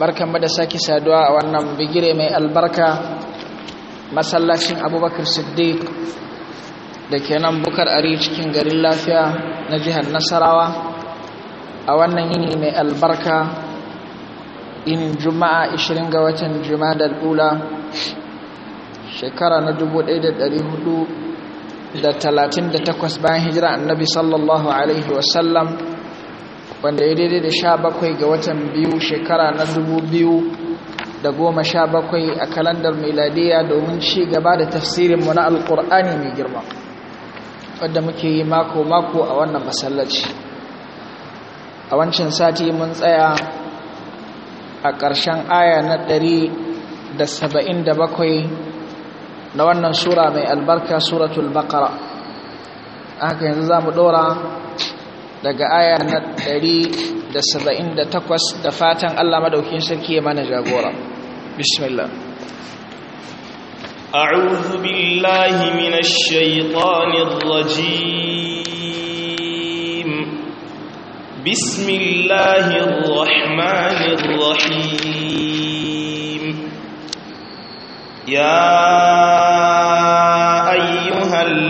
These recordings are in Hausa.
barkan da sake saduwa a wannan bigire mai albarka masallacin abubakar siddiq da ke nan bukar ari cikin garin lafiya na jihar nasarawa a wannan yini mai albarka in juma'a 20 ga watan juma'a da ula shekara na 1438 bayan hijira annabi sallallahu alaihi wasallam wanda ya daidai da sha bakwai ga watan biyu shekara na dubu biyu da goma sha bakwai a kalandar miladiya domin ci gaba da tafsirinmu na alkur'ani mai girma wadda muke yi mako-mako a wannan masallaci a wancan sati mun tsaya a ƙarshen aya na ɗari da saba'in da bakwai na wannan sura mai albarka suratul bakara haka yanzu za mu ɗora daga aya na 178 da fatan Allah madaukin sarki ya mana jagora bismillah a'udhu billahi minash shaitanir rajim bismillahir rahmanir rahim ya ayyuhal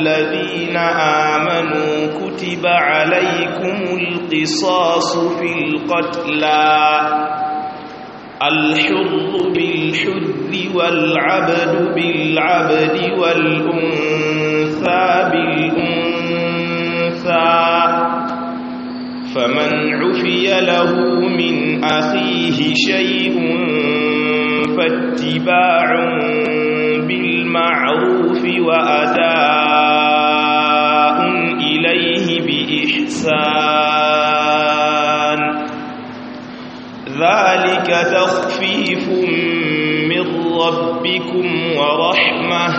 amanu kutiba alaykum لكم القصاص في القتلى الحر بالحر والعبد بالعبد والأنثى بالأنثى فمن عفي له من أخيه شيء فاتباع بالمعروف وأداء الإنسان ذلك تخفيف من ربكم ورحمة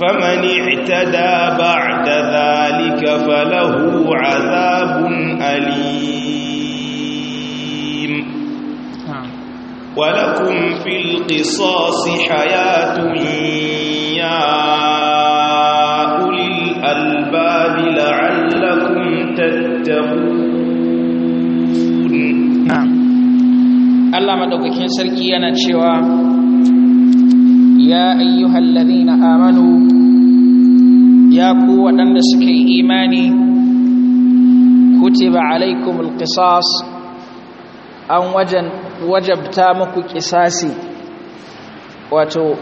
فمن اعتدى بعد ذلك فله عذاب أليم نعم. ولكم في القصاص حياة يا sarki yana cewa ya ayyuhal ladina amanu ya ku waɗanda suke imani kutiba alaikum alqisas an wajen wajabta muku kisasi wato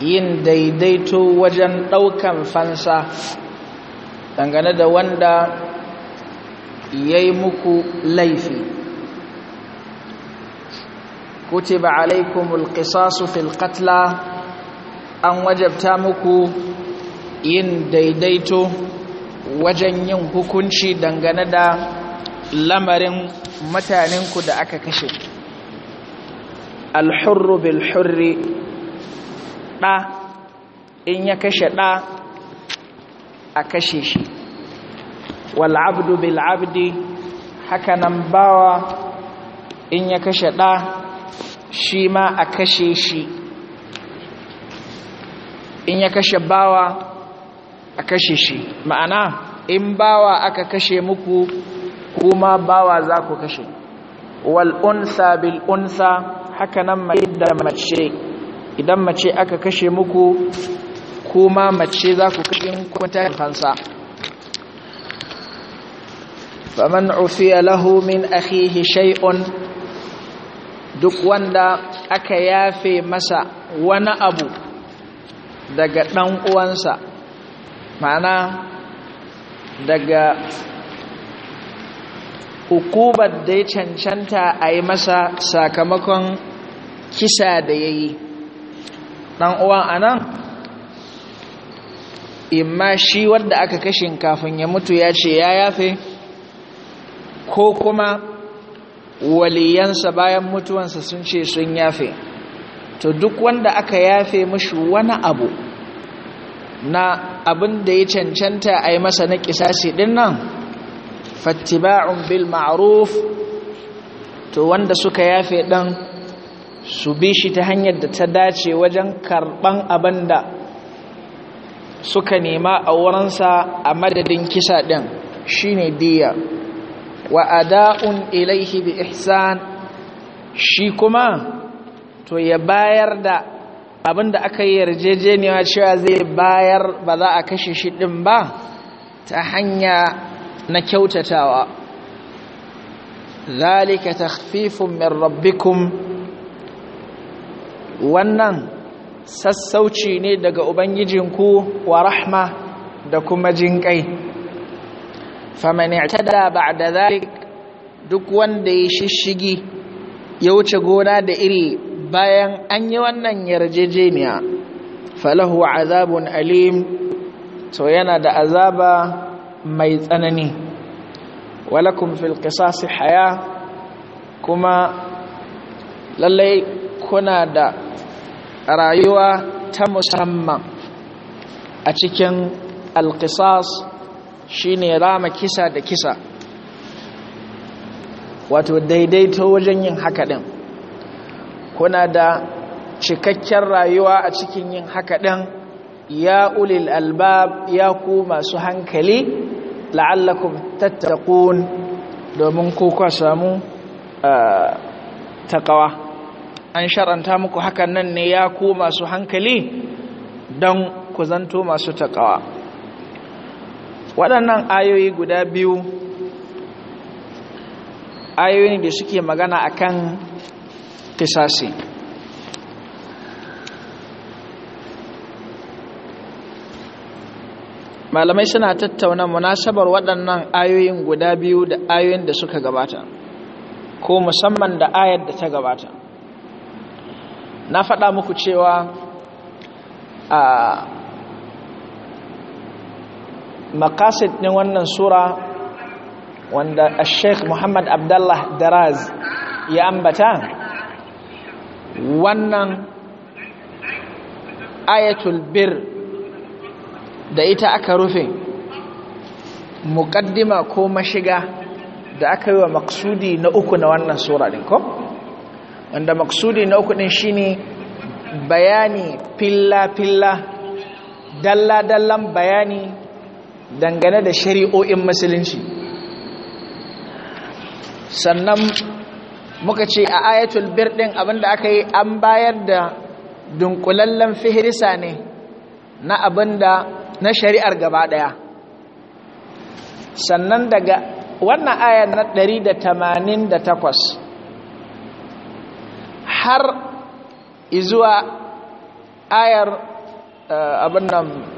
yin daidaito wajen ɗaukan fansa dangane da wanda ya yi muku laifi kutiba alaikumul qisasu fil qatla an wajabta muku yin daidaito wajen yin hukunci dangane da lamarin mutanenku da aka kashe alhurru bil hurri ɗa in ya kashe ɗa a kashe shi wal'abdu bil abdi hakanan bawa in ya kashe ɗa shi ma a kashe shi in ya kashe bawa a kashe shi ma'ana in bawa aka kashe muku kuma bawa za ku kashe wal'unsa bil'unsa haka nan mai da mace idan mace aka kashe muku kuma mace za ku kashe kwanta fansa faman ufiya lahu min akhihi shay'un duk wanda aka yafe masa wani abu daga ɗan uwansa mana daga hukubar da ya cancanta a yi masa sakamakon kisa da ya yi ɗan uwan a nan imma shi wadda aka kashin kafin ya mutu ya ce ya yafe ko kuma waliyansa bayan mutuwansa sun ce sun yafe to duk wanda aka yafe mashi wani abu na abin da ya cancanta a yi masa na kisasi din nan fattiba'un bil ma'ruf to wanda suka yafe ɗan su bi shi ta hanyar da ta dace wajen karɓan abin da suka nema a wurinsa a madadin kisa ɗin shine diyya. wa ada'un ilaihi bi ihsan shi kuma to ya bayar da abinda aka yi yarjejeniya cewa zai bayar ba za a kashe shi din ba ta hanya na kyautatawa zalika takhfifun min rabbikum wannan sassauci ne daga ubangijinku wa rahma da kuma jinƙai faman i'tada ba'da zalik duk wanda ya shishigi ya wuce gona da iri bayan an yi wannan yarjejeniya falahu azabun alim to yana da azaba mai tsanani walakun filkisas haya kuma lallai kuna da rayuwa ta musamman a cikin alkisas. shine rama kisa da kisa wato daidaito wajen yin haka ɗin kuna da cikakken rayuwa a cikin yin haka ɗin ya ulil albab ya ku masu hankali la'allakum tattakun domin kuka samu taƙawa an sharanta muku hakan nan ne ya ku masu hankali don ku zanto masu kawa waɗannan ayoyi guda biyu ayoyin da suke magana a kan kisasi malamai suna tattauna munasabar waɗannan ayoyin guda biyu da ayoyin da suka gabata ko musamman da ayar da ta gabata na faɗa muku cewa a makasid ɗin wannan sura wanda sheikh muhammad abdullah daraz ya ambata wannan ayatul bir da ita aka rufe muƙaddima ko mashiga da aka yi wa maksudi na uku na wannan sura ɗin ko wanda maksudi na uku ɗin shine bayani filla-filla dalla-dallan bayani dangane da shari'o'in musulunci sannan muka ce a ayatul din abinda aka yi an bayar da dunkulallen fihirisa ne na abinda na shari'ar gaba ɗaya sannan daga wannan ayar na 188 har izuwa ayar eh, abin nan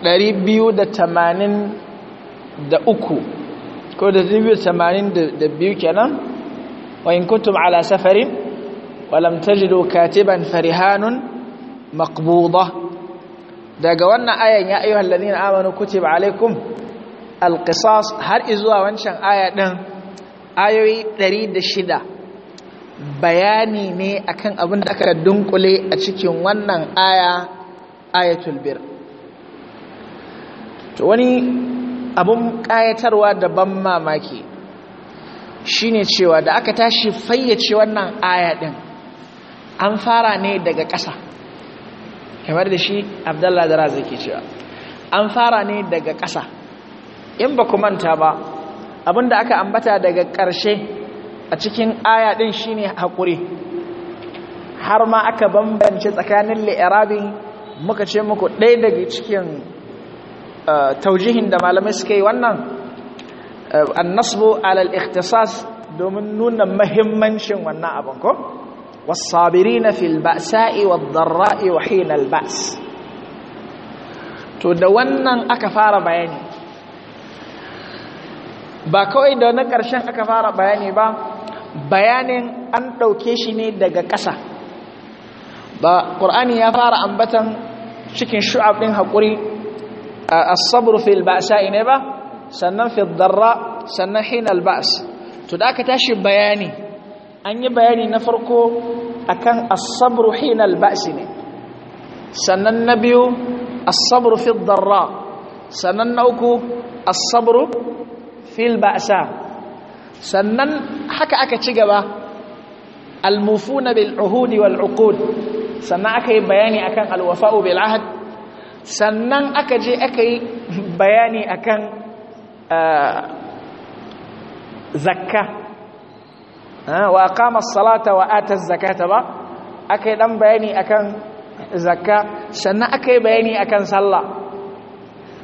283 ko da 282 kenan wa in kuntum ala safarin lam tajidu katiban farihanun maqbuda daga wannan ayan ya ayyuhal ladina amanu kutiba alaikum alqisas har izuwa wancan aya din ayoyi 106 bayani ne akan abin da aka dunkule a cikin wannan aya ayatul bir to wani abun kayatarwa da ban mamaki shine cewa da aka tashi fayyace wannan aya ɗin an fara ne daga ƙasa kamar da shi abdallah da razi ke cewa an fara ne daga ƙasa in ba manta ba da aka ambata daga ƙarshe a cikin aya ɗin shine haƙuri har ma aka bambance tsakanin li'irabi muka ce muku ɗaya daga cikin taujihin da malamai suka yi wannan annasbu alal ikhtisas domin nuna mahimmancin wannan abin ko wasabirina fil ba'sa'i wad dharra'i wa ba's to da wannan aka fara bayani ba kawai da na ƙarshen aka fara bayani ba bayanin an ɗauke shi ne daga ƙasa ba ƙur'ani ya fara ambatan cikin shu'ab ɗin haƙuri as-sabr fil ba'sa'i ne ba sannan fil darra sannan hina al-ba's to aka tashi bayani an bayani na farko akan as-sabr al sannan na biyu as fil darra sannan na uku fil ba'sa sannan haka aka ci gaba al-mufuna bil uhudi wal uqud sannan aka yi bayani akan alwafa'u wafau sannan aka je aka yi bayani akan ah, zakka ah, wa aqama as-salata wa ata az-zakata ba aka yi dan bayani akan zakka sannan aka bayani akan sallah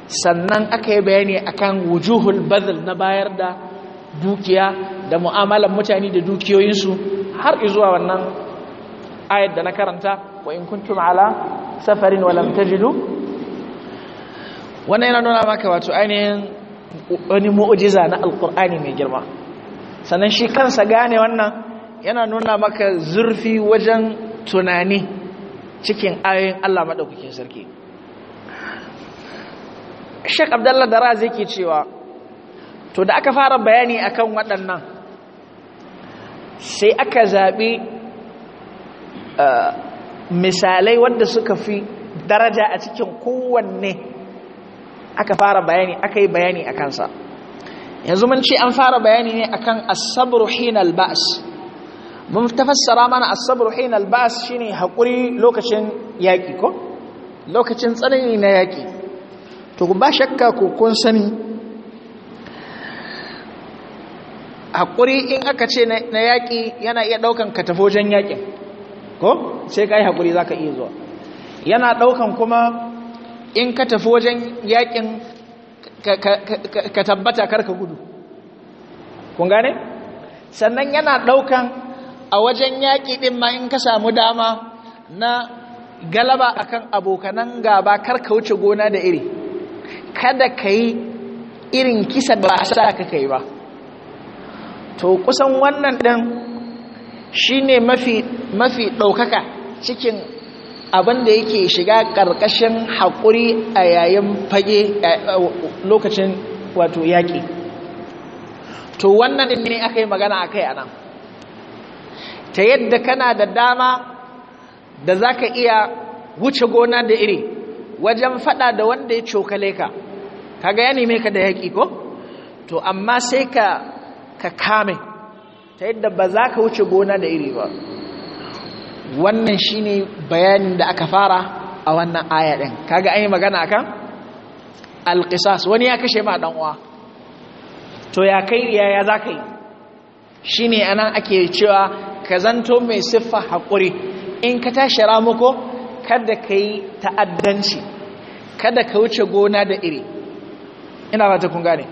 sannan aka bayani akan wujuhul badl na bayar da dukiya da mu'amalar mutane da dukiyoyinsu har zuwa wannan ayat da na karanta wa in kuntum ala safarin wa lam tajidu wannan yana nuna maka wato ainihin wani mu'ujiza na alkur'ani mai girma sannan shi kansa gane wannan yana nuna maka zurfi wajen tunani cikin ayoyin Allah maɗaukakin sarki Sheikh Abdullah Dara zai ke cewa to da aka fara bayani akan waɗannan sai aka zaɓi eh, misalai wanda suka fi daraja a cikin kowanne aka fara bayani aka yi bayani a kansa yanzu mun ce an fara bayani ne akan as-sabru hina mun tafassara mana as-sabru hina al-ba's shine hakuri lokacin yaki ko lokacin tsanani na yaki to ba shakka ko kun sani hakuri in aka ce na yaki yana iya daukan katafojen yakin ko sai kai hakuri zaka iya zuwa yana ɗaukan kuma in ka tafi wajen yakin ka tabbata karka gudu kun gane sannan yana ɗaukan a wajen yaki ɗin ma in ka samu dama na galaba akan abokanan gaba karka wuce gona da iri kada ka yi irin kisa ba a sa ka kai ba to kusan wannan ɗin shi ne mafi ɗaukaka cikin Abinda yake shiga ƙarƙashin haƙuri a yayin fage lokacin wato yaƙi to wannan ne aka yi magana a kai a ta yadda kana da dama da za ka iya wuce gona da iri wajen faɗa da wanda ya cokale ka kaga ya neme ka da yaƙi ko to amma sai ka kame ta yadda ba za ka wuce gona da iri ba wannan shine bayanin da aka fara a wannan aya din kaga an yi magana akan qisas wani ya kashe ma dan uwa to ya kai ya ya zaka yi shine anan ake cewa ka zanto mai siffa hakuri in ka tashi ramuko kada ka yi ta'addanci kada ka wuce gona da iri ina ba ta kun gane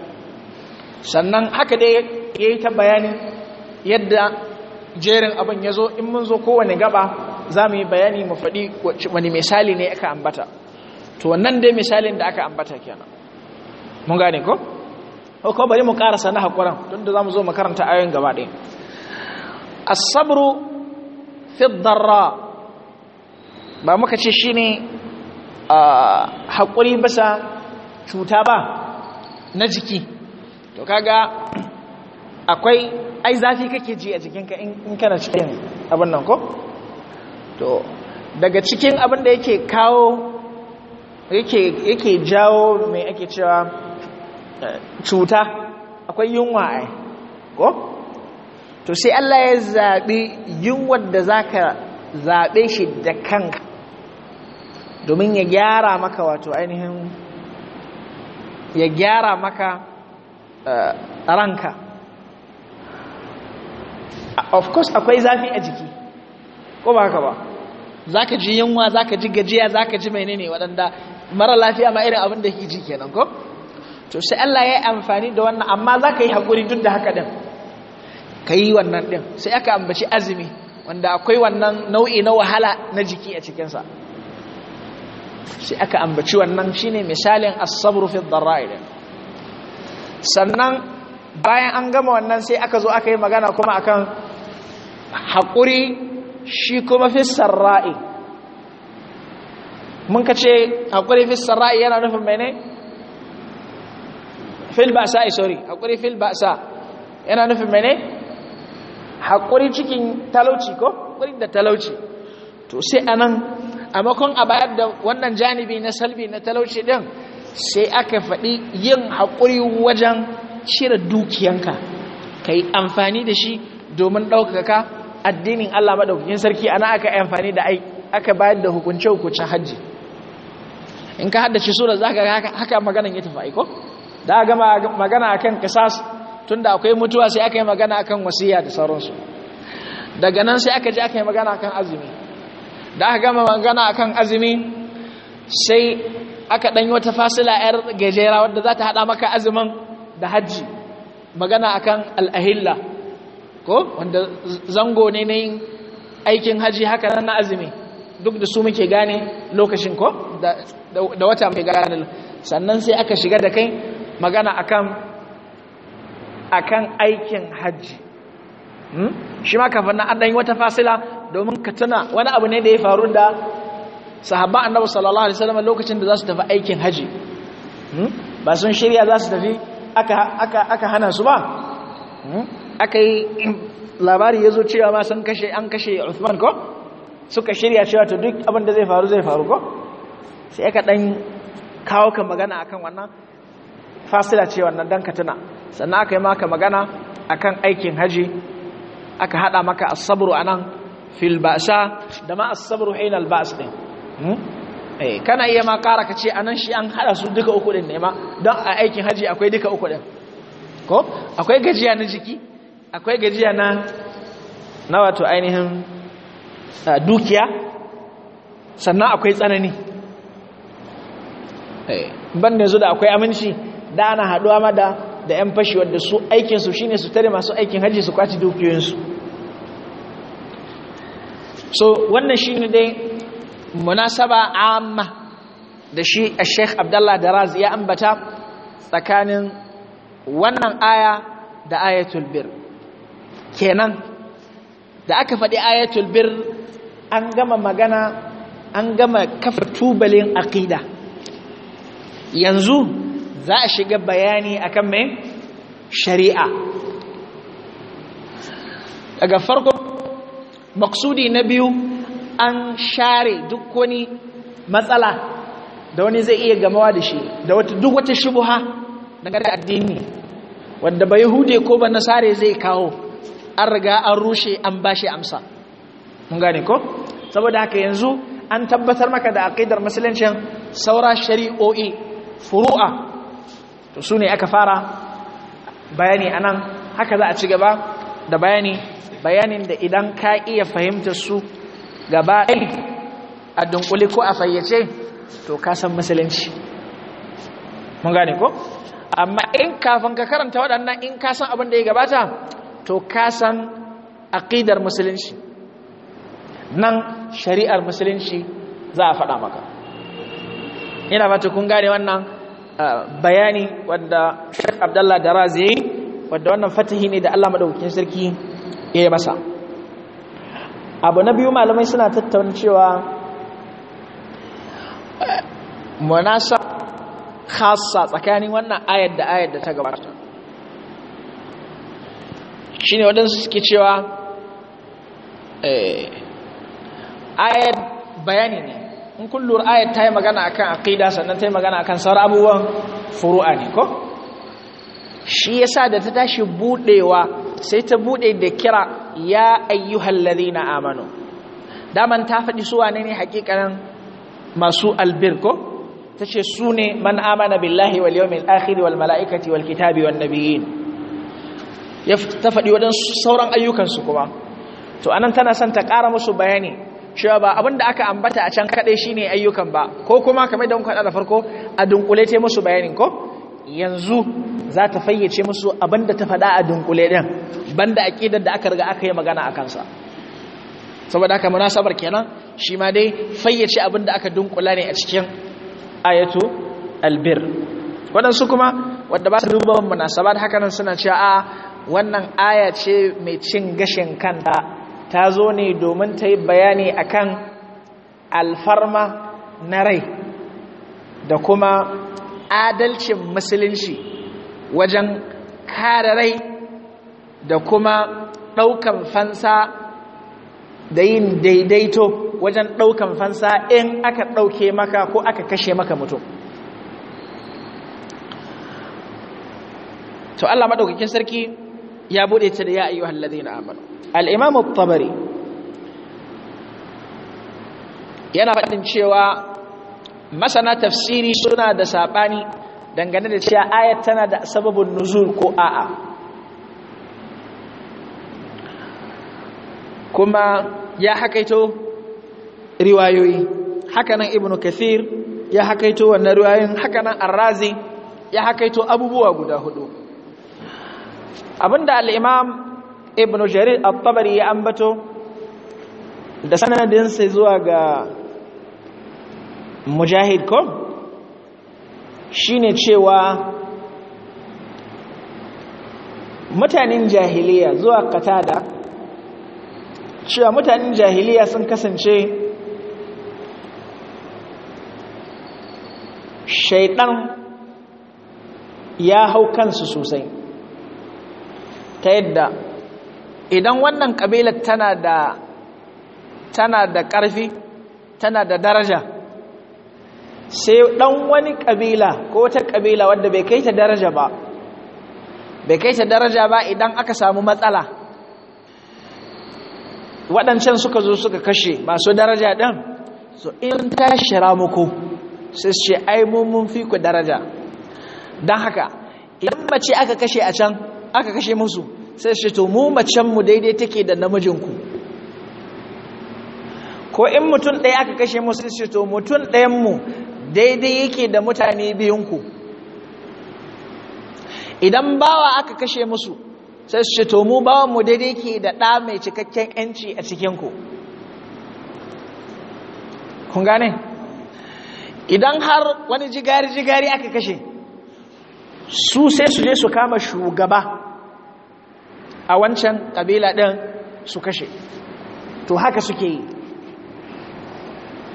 sannan haka dai ya yi ta bayanin yadda jerin abin ya zo in mun zo kowane gaba za mu yi bayani mu faɗi wani misali ne aka ambata to wannan dai misalin da aka ambata kenan mun gane ko? ko bari mu karasa na haƙuran tunda da za mu zo makaranta ayoyin gaba ɗaya asabru fi ba muka ce shi ne haƙuri bisa cuta ba na jiki to kaga akwai ai zafi kake ji a jikinka in kana cikin abin nan ko to daga cikin abin da yake kawo yake jawo mai ake cewa eh, cuta akwai yunwa ai ko to sai Allah ya zaɓi yunwar da za ka zaɓe shi da kanka domin ya gyara maka wato ainihin ya gyara maka eh, ranka of course akwai zafi a jiki ko ba haka ba za ka ji yunwa za ka ji gajiya za ka ji mai ne waɗanda mara lafiya ma irin abin da ke ji kenan ko to sai Allah ya yi amfani da wannan amma za ka yi haƙuri duk da haka ɗin ka yi wannan ɗin sai aka ambaci azumi wanda akwai wannan nau'i na wahala na jiki a cikinsa sai aka ambaci wannan shine misalin as-sabru fi sannan bayan an gama wannan sai aka zo aka yi magana kuma akan haƙuri shi kuma fi sarra'i mun ka ce haƙuri fi sarra'i yana nufin ne? fil ba'sa sori haƙuri fil sa yana nufin ne? haƙuri cikin talauci ko? haƙuri da talauci to sai anan a makon a bayar da wannan janibi na salbi na talauci ɗin, sai aka faɗi yin haƙuri wajen cire dukiyanka ka yi amfani da shi domin ɗaukaka addinin Allah maɗaukakin sarki ana aka amfani da aka bayar da hukunce hukuncin hajji in ka haddace sura za ka haka maganan ya tafi aiko da ga magana akan kisas tunda akwai mutuwa sai aka yi magana akan wasiya da sauransu daga nan sai aka je aka yi magana akan azumi da aka gama magana akan azumi sai aka ɗanyi wata fasila 'yar gajera wadda za ta haɗa maka azumin da hajji magana akan al'ahilla ko wanda zango ne na yin aikin haji haka nan na azumi duk da su muke gane lokacin ko da wata muke gane sannan sai aka shiga da kai magana akan akan aikin haji hmm? shi ma kafin na an yi wata fasila domin ka tuna wani abu ne da ya faru da sahabba annabi sallallahu alaihi wasallam lokacin da za su tafi aikin haji hmm? ba sun shirya za su tafi aka hana su ba hmm? aka yi labari ya zo cewa ma sun kashe an kashe Uthman ko suka shirya cewa ta duk abin da zai faru zai faru ko sai aka dan kawo ka magana akan wannan fasila ce wannan dan ka sannan aka yi maka magana akan aikin haji aka hada maka as-sabru anan fil ba'sa da ma as-sabru hina al-ba's din hmm? eh kana iya ma kara ce anan shi an hada su duka uku din ne ma don a aikin haji akwai duka uku din ko akwai gajiya na jiki akwai gajiya na na wato ainihin dukiya sannan akwai tsanani eh, ban da yanzu da akwai aminci da ana haɗuwa ma da da 'yan fashi wadda su aikinsu shi ne su tare masu aikin hajji su kwaci dukiyoyinsu so wannan shi ne dai munasaba amma da shi a sheikh abdallah da razi ya ambata tsakanin wannan aya da ayatul birr kenan da aka faɗi ayatul bir an gama magana an gama kafa tubalin aqida yanzu za a shiga bayani akan mai shari'a daga farko maksudi na biyu an share duk wani matsala da wani zai iya gamawa da shi da wata duk wata shubuha daga addini wanda ba hude ko ba nasare zai kawo an riga an rushe an bashi amsa mun gane ko saboda haka yanzu an tabbatar maka da aqidar musulunci saura shari'o'i furu'a to su ne aka fara bayani anan haka za a ci gaba da bayani bayanin da idan ka iya fahimta su gaba a dunkule ko a fayyace to ka san musulunci mun gane ko amma in kafin ka karanta waɗannan in ka san abin da ya gabata to kasan aƙidar musulunci nan shari'ar musulunci za a faɗa maka ina fata kun gane wannan uh, bayani wadda shek abdallah da razi wadda wannan fatahi ne da allah maɗaukin sarki ya yi masa abu na biyu malamai suna tattauna cewa uh, munasa khasa tsakanin wannan ayar da ayar da ta gabata ne waɗansu suke cewa eh, ayat bayani ne in kullur ayat ta yi magana akan aqida sannan ta yi magana akan sauran abubuwan furu'a ne ko shi yasa da ta tashi buɗewa sai ta buɗe da kira ya ayyuhal ladina amanu daman ta faɗi su wane ne hakikanin masu albir ko ce su ne man amana billahi wal yawmil akhiri wal mala'ikati wal kitabi wan nabiyyin ya ta faɗi wajen sauran ayyukansu kuma to anan tana son ta ƙara musu bayani cewa ba abin da aka ambata a can kaɗai shine ayyukan ba ko kuma kamar da muka da farko a dunkule ta musu bayanin ko yanzu za ta fayyace musu abin ta faɗa a dunkule ɗin banda aƙidar da aka riga aka yi magana a kansa saboda haka munasabar kenan shi ma dai fayyace abin da aka dunkula ne a cikin ayatu albir waɗansu kuma wadda ba su duba munasabar da haka nan suna cewa a wannan aya ce mai cin gashin kanta ta zo ne domin ta yi bayani akan alfarma na rai da kuma adalcin musulunci wajen kare rai da kuma ɗaukan fansa da yin daidaito wajen ɗaukan fansa in aka ɗauke maka ko aka kashe maka mutum to Allah maɗaukakin sarki ya bude ta da ya ayyuhu alladhina amanu al-imam at-tabari yana fadin cewa masana tafsiri suna da sabani dangane da cewa ayat tana da sababin nuzul ko a'a kuma ya hakaito riwayoyi hakanan ibnu kathir ya hakaito wannan riwayoyin hakanan ar-razi ya hakaito abubuwa guda hudu abinda al-imam ibn jarir at-tabari ya ambato da sanadinsa zuwa ga mujahid ko shine cewa mutanen jahiliya zuwa katada cewa mutanen jahiliya sun kasance shaidan ya hau kansu sosai ta yadda idan wannan ƙabilar tana da tana da ƙarfi tana da daraja sai ɗan wani ƙabila ko wata ƙabila wadda bai kai ta daraja ba bai kai ta daraja ba idan aka samu matsala waɗancan suka zo suka kashe masu daraja ɗin so in ta shira muku sai ce ai mun fi ku daraja don haka idan mace aka kashe a can aka kashe musu sai su to mu macenmu daidai take da namijinku ko in mutum ɗaya aka kashe mu sai shi to mutum ɗayanmu daidai yake da mutane biyunku idan bawa aka kashe musu sai su to mu bawanmu daidai ke da ɗa mai cikakken ‘yanci a cikinku kun gane idan har wani jigari-jigari aka kashe su sai su je su kama shugaba a wancan kabila ɗin su kashe to haka suke yi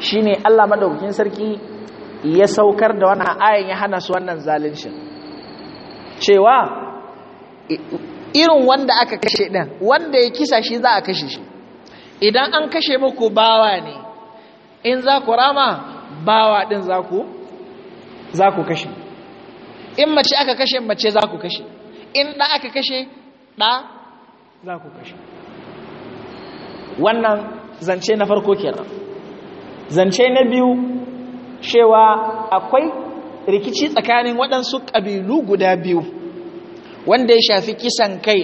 shi ne allah maɗaukakin sarki ya saukar da wannan ayan ya hana su wannan zalincin cewa irin wanda aka kashe ɗin wanda ya kisa shi za a kashe shi idan an kashe muku bawa ne in za ku rama bawa ɗin za ku kashe in mace aka kashe mace za ku kashe in ɗa aka kashe ɗa za ku kashe wannan zance na farko kenan zance na biyu cewa akwai rikici tsakanin waɗansu ƙabilu guda biyu wanda ya shafi kisan kai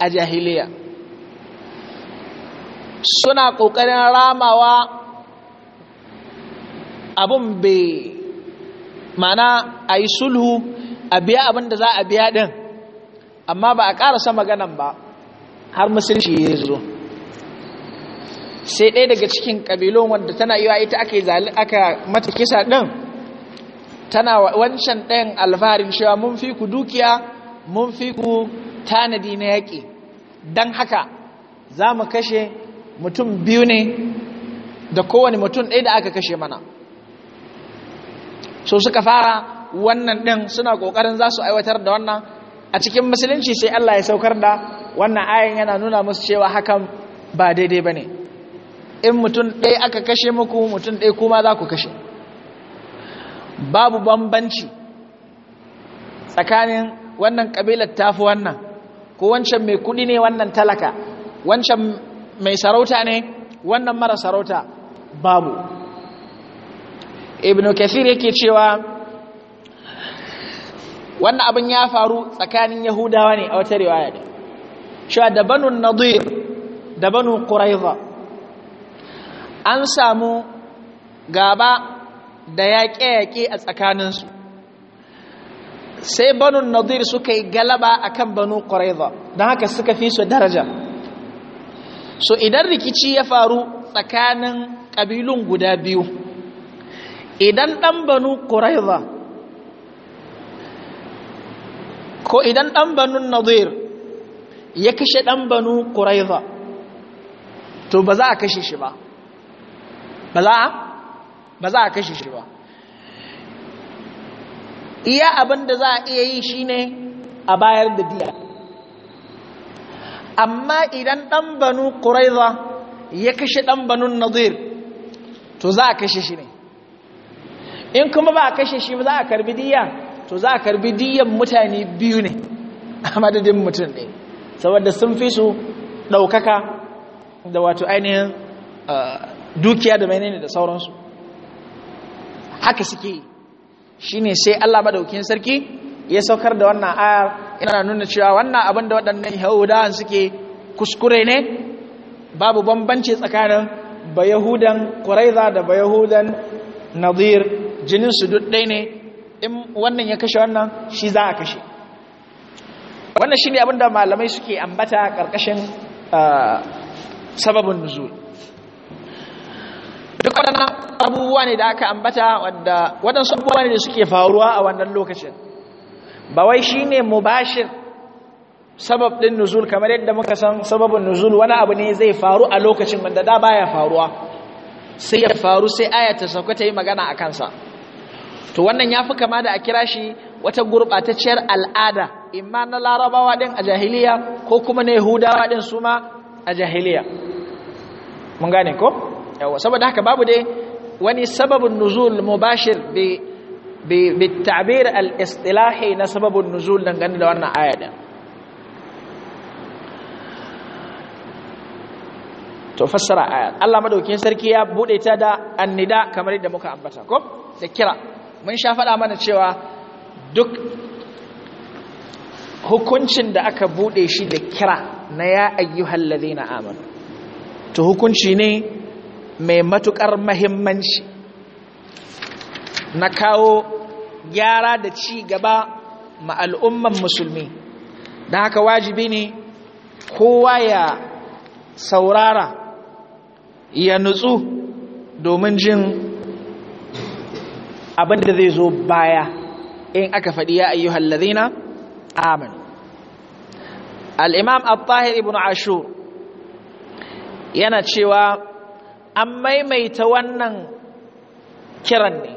a jahiliya suna ƙoƙarin ramawa abin bai mana a yi sulhu a biya abin da za a biya ɗin amma ba a ƙarasa maganan ba har musulunci ya zo sai ɗaya daga cikin ƙabilun wanda tana wa ita aka yi aka mata kisa ɗin tana wancan ɗayan alfaharin cewa mun fi ku dukiya mun fi ku tanadi na yaƙi don haka za mu kashe mutum biyu ne da kowane mutum ɗaya da aka kashe mana so suka fara wannan ɗin suna ƙoƙarin za su aiwatar da wannan a cikin musulunci sai Allah ya saukar da wannan ayin yana nuna musu cewa hakan ba daidai ba ne in mutum ɗaya aka kashe muku mutum ɗaya kuma za ku kashe babu bambanci tsakanin wannan ƙabilar tafi wannan ko wancan mai kuɗi ne wannan talaka wancan mai sarauta ne wannan mara sarauta babu ibn kathir yake cewa wannan abin ya faru tsakanin yahudawa ne a wata riwaya ne shi da banu nadir da banu quraiza an samu gaba da yaƙe-yaƙe a tsakaninsu sai banu nadir suka yi galaba akan banu quraiza don haka suka fi su daraja so idan rikici ya faru tsakanin ƙabilun guda biyu idan ɗan banu quraiza ko idan ɗan banun nadir ya kashe ɗan ƙuraiza to ba za a kashe shi ba ba za a kashe shi ba iya abin da za a iya yi shi ne a bayar da diya amma idan ɗan ƙuraiza ya kashe ɗan banun nazir to za a kashe shi ne in kuma ba a kashe shi ba za a karbi diya to za a karbi diyan mutane biyu ne a madadin mutum ne saboda sun fi su ɗaukaka da wato ainihin uh, dukiya da mainini da sauransu haka suke shi ne sai Allah maɗaukin sarki ya saukar da wannan ayar ina nuna cewa wannan abin da waɗannan yahudawan suke kuskure ne babu bambanci tsakanin bayahudan Kuraiza da bayahudan Nazir, jinin su duk ɗaya ne in wannan ya kashe wannan shi za a kashe wannan shi ne abinda malamai suke ambata ƙarƙashin ah, sababin nuzul duk waɗannan abubuwa ne da aka ambata waɗansu abubuwa ne da suke faruwa a wannan lokacin ba wai shi ne sabab ɗin nuzul kamar yadda muka san sababin nuzul wani abu ne zai faru a lokacin wanda da baya faruwa sai ya faru sai aya ta sauka ta yi magana a kansa to wannan ya fi kama da a kira shi wata gurɓatacciyar al'ada imma na larabawa ɗin a jahiliya ko kuma na yahudawa ɗin su ma a jahiliya mun gane ko yawa saboda haka babu dai wani sababin nuzul mubashir bi ta'bir al-istilahi na sababin nuzul dangane da wannan aya ɗin to fassara aya Allah madaukin sarki ya bude ta da annida kamar yadda muka ambata ko da kira mun sha faɗa mana cewa duk hukuncin da aka buɗe shi da kira na ya ayyuhal na amanu to hukunci ne mai matuƙar mahimmanci na kawo gyara da ci gaba ma al'umman musulmi don haka wajibi ne kowa ya saurara ya nutsu domin jin abin da zai zo baya in aka faɗi ya ayyuhal ladhina amanu al-imam at-tahir ibn ashur yana cewa an maimaita wannan kiran ne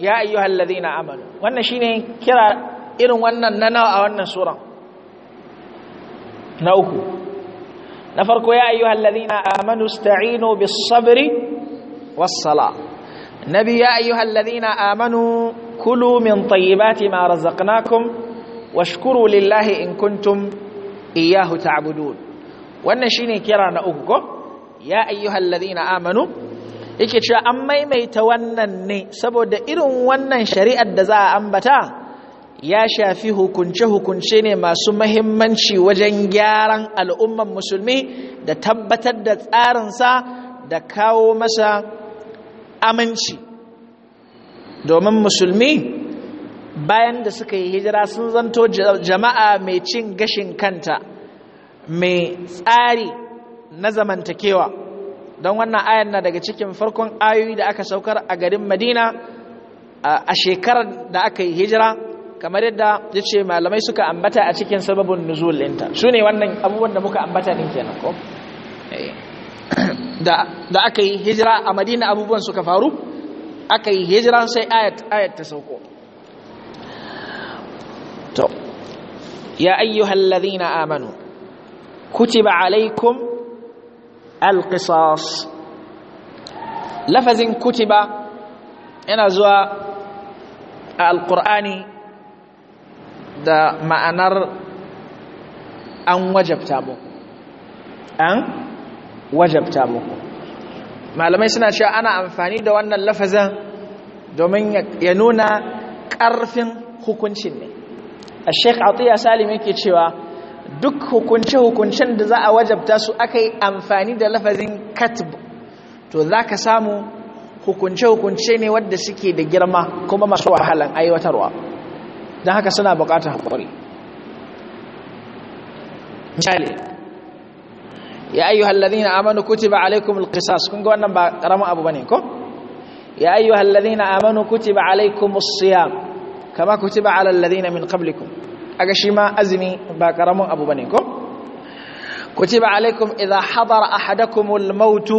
ya ayyuhal ladhina amanu wannan shine kira irin wannan na nawa a wannan sura na uku na farko ya ayyuhal ladhina amanu ista'inu bis-sabri Na nabi ya ayyuhal ladhina amanu kulu min tayyibati ma razaqnakum washkuru lillahi in kuntum iyyahu ta'budun wannan shine kira na uku ko ya ayyuhal ladhina amanu yake cewa an maimaita wannan ne saboda irin wannan shari'ar da za a ambata ya shafi hukunce-hukunce ne masu mahimmanci wajen gyaran al'umman musulmi da tabbatar da tsarinsa da kawo masa aminci domin musulmi bayan da suka yi hijira sun zanto jama'a mai cin gashin kanta mai tsari na zamantakewa don wannan ayan na daga cikin farkon ayoyi da aka saukar a garin madina a shekarar da aka yi hijira kamar yadda ya ce malamai suka ambata a cikin sababin nuzulinta, su ne wannan abubuwan da muka ambata ɗin kenan ko eh. da aka yi hijira a madina abubuwan suka faru aka yi hijira sai ayat ta sauko to ya ayyuhal ladhina amanu kutiba alaikum alqisas lafazin kutiba yana zuwa a alqur'ani da ma'anar an wajabta mu an wajabta muku malamai suna cewa ana amfani da wannan lafazin domin ya nuna ƙarfin hukuncin ne a atiya salim yake cewa duk hukunce-hukuncen da za a wajabta su aka yi amfani da lafazin katib to za ka samu hukunce-hukunce ne wadda suke da girma kuma masu wahalan aiwatarwa don haka suna bukatar haƙuri misali ya ayyuhal ladina amanu kutiba alaikumul alqisas kun ga wannan ba karamin abu bane ko ya ayyuhal ladina amanu kutiba as siyam kama kutiba ala ladina min qablikum aga shi ma azumi ba karamin abu bane ko kutiba alaikum idha hadara al maut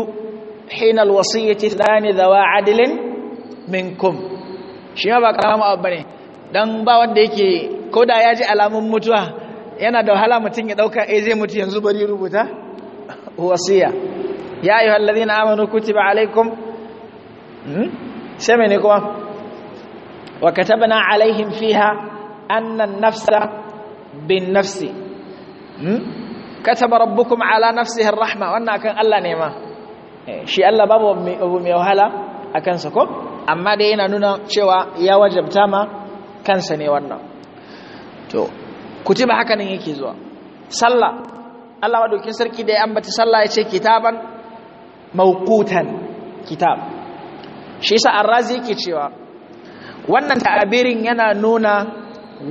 hina al-wasiyati lan dawa adlin minkum shi ma ba karamin abu bane dan ba wanda yake koda yaji alamun mutuwa yana da wahala mutum ya dauka eh zai mutu yanzu bari rubuta wasiya ya ayyuha alladhina amanu kutiba alaykum hmm? semeni kuma wa katabna alaihim fiha anna an-nafsa bin-nafsi hmm? kataba rabbukum ala nafsihi ar-rahma wannan akan Allah ne ma eh, shi Allah babu abu mai wahala akan sa ko amma dai yana nuna cewa ya wajabta ma kansa ne wannan to kutiba haka nan yake zuwa sallah Allah dukin sarki da ya ambata sallah ya ce kitaban mawqutan kitab shi yasa arrazi yake cewa wannan ta'abirin yana nuna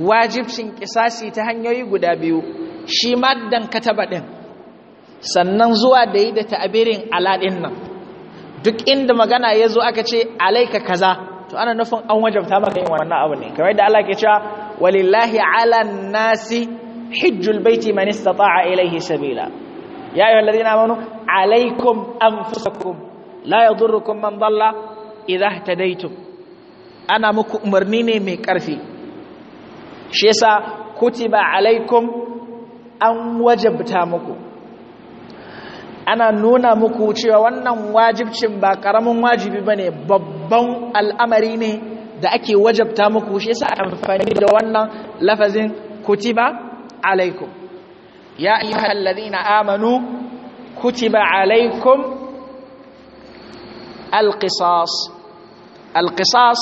wajibcin kisasi ta hanyoyi guda biyu shi maddan kataba din sannan zuwa da yi da ta'abirin aladin nan duk inda magana ya zo aka ce alaika kaza to ana nufin an wajabta maka yin wannan abu ne kamar yadda Allah ke cewa walillahi ala nasi hijjul baiti man istata'a ilayhi sabila ya ayyuhal ladina amanu alaykum anfusakum la yadurrukum man dalla idha ihtadaytum ana muku umarni ne mai karfi shi yasa kutiba alaikum an wajabta muku ana nuna muku cewa wannan wajibcin ba karamin wajibi bane babban al'amari ne da ake wajabta muku shi yasa amfani da wannan lafazin kutiba عليكم يا أيها الذين آمنوا كتب عليكم القصاص القصاص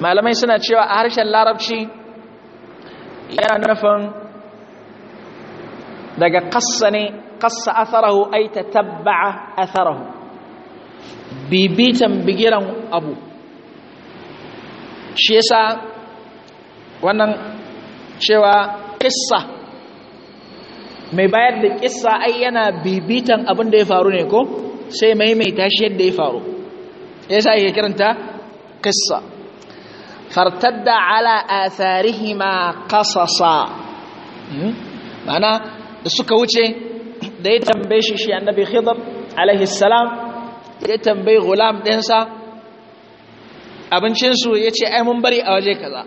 ما لم يسنى تشيوى أهرش اللارب شي يعني نفن دقا قصني قص أثره أي تتبع أثره بيبيتا بجيرا أبو شيسا وانا cewa kissa mai bayar da kissa ai yana bibitan abin da ya faru ne ko sai maimaita shi yadda ya faru yasa yake kiranta kissa fartadda ala atharihima qasasa hmm? ma'ana da suka wuce da ya tambaye shi shi annabi khidr alaihi salam ya tambaye gulam ɗinsa abincinsu ya ce ai mun bari a waje kaza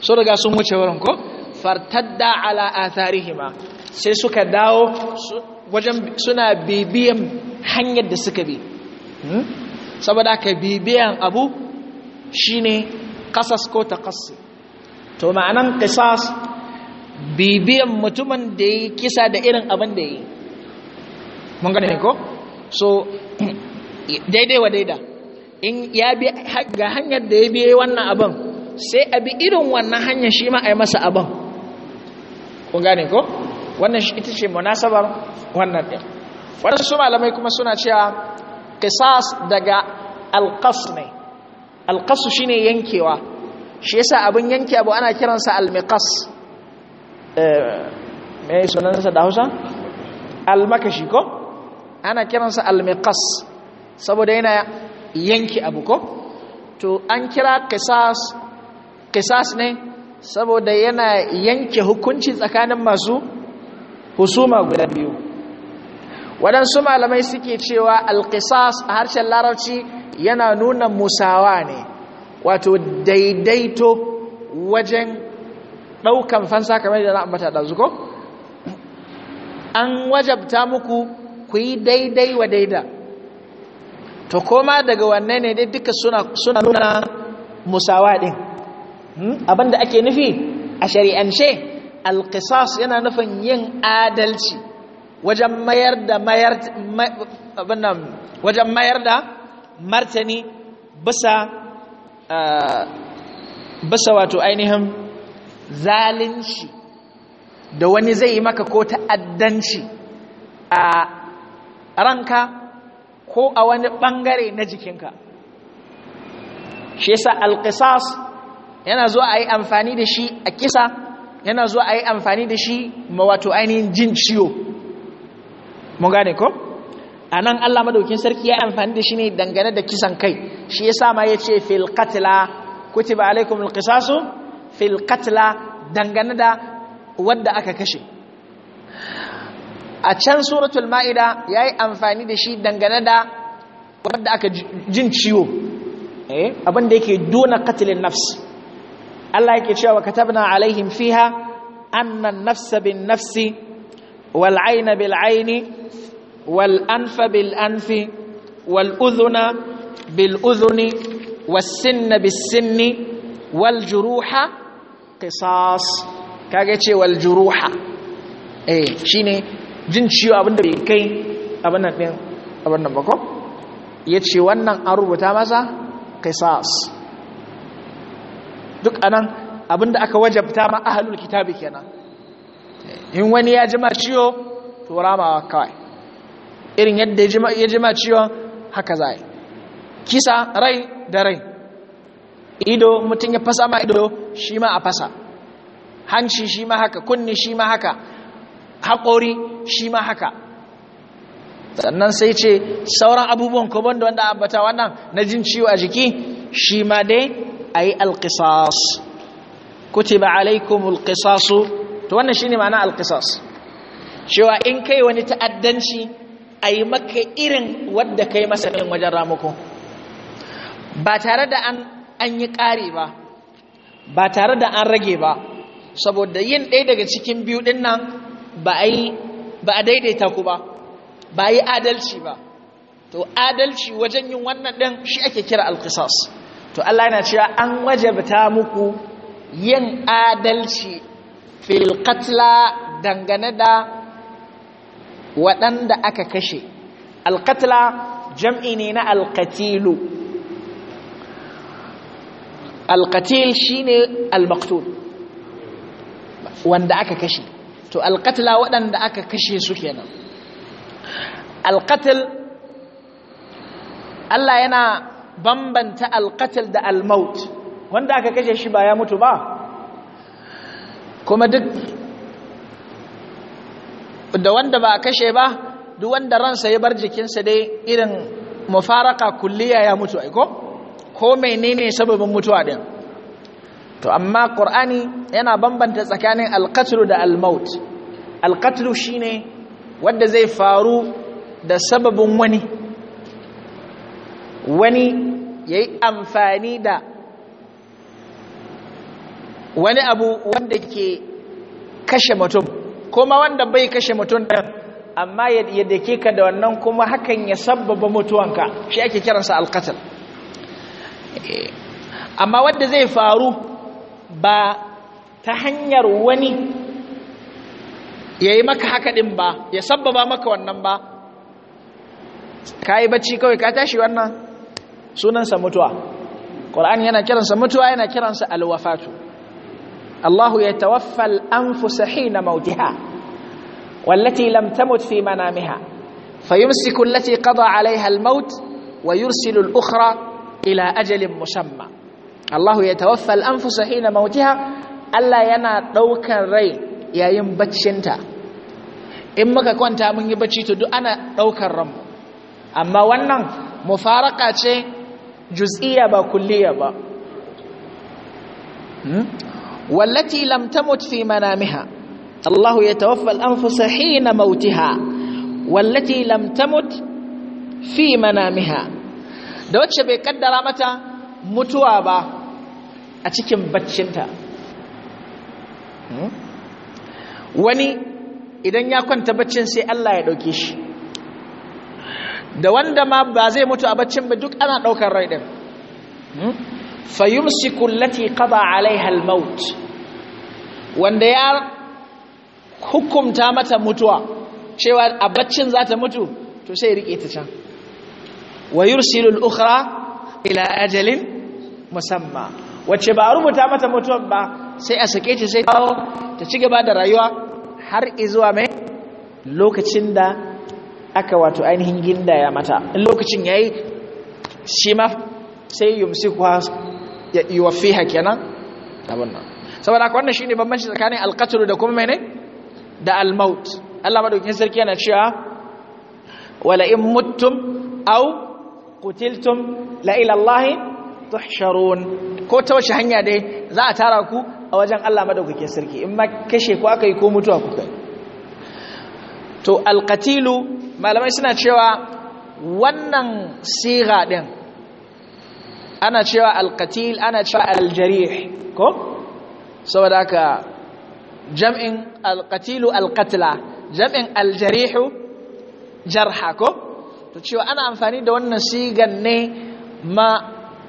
so daga sun wuce wurin ko fartadda ala atharihima sai suka dawo wajen suna bibiyan hanyar da suka bi hmm? saboda ka bibiyan abu shine qasas ko takassi to ma'anan kisas bibiyan mutumin da ya kisa da irin abin da ya yi mun gane ko so daidai wa daida in ya bi ga hanyar da ya biye wannan abin sai a bi irin wannan hanyar shi ma a yi masa abin kun gane ko wannan shi ita ce munasabar wannan ɗin su malamai kuma suna cewa kisas daga alƙas ne alƙasu shi ne yankewa shi yasa abin yanke abu ana kiransa almiƙas eh, mai sunansa da hausa almakashi ko ana kiransa almikas saboda yana yanki abu ko to an kira kisas. kisas ne saboda yana yanke hukunci tsakanin masu husuma guda biyu waɗansu malamai suke cewa alkisas a harshen larabci yana nuna musawa ne wato daidaito wajen ɗaukan fansa kamar da na ambata ɗazu ko an wajabta muku ku yi daidai wa daida to koma daga wannan ne dai duka suna nuna musawa ɗin Hmm? abinda ake nufi a shari'ance alƙisas yana nufin yin adalci wajen mayar da mayar wajen mayar da martani bisa uh, bisa wato ainihin zalunci da wani zai yi maka ko ta'addanci a ranka ko a wani ɓangare na jikinka shi yasa alƙisas yana zuwa a yi amfani da shi a kisa yana zuwa a yi amfani da shi ma wato ainihin jin ciwo mun gane ko a nan allah madaukin sarki ya yi amfani da shi ne dangane da kisan kai shi ya sama ya ce filkatila kutiba alaikum alqisasu filkatila dangane da wadda aka kashe a can suratul ma'ida ya yi amfani da shi dangane da wadda aka jin ciwo eh, abin da yake dona katilin nafsi Allah yake cewa katabna alaihim fiha anna nafsa bin-nafsi wal-'ayna bil-'ayni wal-anfa bil-anfi wal-udhuna bil-udhuni was-sinna bis-sinni wal-juruha qisas kage ce wal-juruha eh shine jin ciwo abinda bai kai abin nan din abin nan ba ko yace wannan an rubuta masa qisas duk anan abinda aka wajabta ma ahlul kitabi kenan in wani ya jima ciwo to ramawa kawai irin yadda ya jima ciwon haka za kisa rai da rai ido mutum ya fasa ma ido shi ma a fasa hanci shi ma haka kunni shi ma haka haƙori shi ma haka sannan sai ce sauran abubuwan da wanda abata wannan na jin ciwo a jiki shi ma dai ayi alqisas kutiba alaikum qisasu to wannan shine ma'ana alqisas cewa in kai wani ta'addanci ayi maka irin wanda kai masa din wajen ramuko ba tare da an an yi kare ba ba tare da an rage ba saboda yin ɗaya daga cikin biyu ɗin nan ba a daidaita ku ba ba yi adalci ba to adalci wajen yin wannan ɗin shi ake kira alkisas to Allah yana cewa an wajabta muku yin adalci fil qatla dangane da waɗanda aka kashe alqatla jam'i ne na Al-Khatilu. alqatilu alqatil shine almaqtul wanda aka kashe to alqatla waɗanda aka kashe su kenan alqatl Allah yana bambanta alƙatal da almaut wanda aka kashe shi ba ya mutu ba kuma duk da wanda ba a kashe ba duk wanda ransa ya bar jikinsa dai irin mufaraka kulliya ya mutu aiko ko menene sababin mutuwa din to amma qur'ani yana bambanta tsakanin alqatlu da almaut alqatlu shine wanda zai faru da sababin wani wani ya yi amfani da wani abu wanda ke kashe mutum kuma wanda bai kashe mutum ɗan amma ya dake ka da wannan kuma hakan ya sabbaba mutuwanka shi ake kiransa alkatar eh, amma wanda zai faru ba ta hanyar wani ya yi maka haka ɗin ba ya sabbaba maka wannan ba ka yi bacci kawai ka tashi wannan sunansa mutuwa ƙwar'an yana kiransa mutuwa yana kiransa alwafatu allahu ya tawaffal an fusahi na mautiha wallati lam tamut fi manamiha fayumsiku allati qada alaiha almaut wa yursilul al-ukhra ila ajalin musamma allahu ya tawaffal an fusahi na mautiha allah yana ɗaukar rai yayin baccinta in muka kwanta mun yi bacci to duk ana ɗaukar ranmu amma wannan mufaraka ce juz'iyya ba kulliya ba wallati lam tamut fi manamiha Allah yatawaffa al-anfusa hina mautiha wallati lam tamut fi manamiha da wacce bai kaddara mata mutuwa ba a cikin baccinta wani idan ya kwanta baccin sai Allah ya dauke shi da wanda ma ba zai mutu a baccin ba duk ana ɗaukar rai ɗin hmm? fayumsiku allati qada alaiha almaut wanda ya hukumta mata mutuwa cewa a baccin za ta mutu to sai rike ta can wa yursilu ila ajalin musamma Wace ba rubuta mata mutuwan ba sai a sake ta sai ta ci gaba da rayuwa har izuwa mai lokacin da aka wato ainihin ya mata in lokacin yayi shi ma sai yumsiku ya yuwaffiha kenan abun nan saboda haka wannan shine bambanci tsakanin alqatl da kuma mene da almaut Allah madaukakin sarki yana cewa wala in muttum aw qutiltum la ila Allah tuhsharun ko ta wace hanya dai za a tara ku a wajen Allah madaukakin sarki in ma kashe ku akai ko mutuwa ku kai to alqatilu malamai suna cewa wannan siga ɗin ana cewa alkatil ana cewa aljarih ko saboda haka jam'in alkatilu alkatila jam'in aljarihu jarha ko to cewa ana amfani da wannan sigan ne ma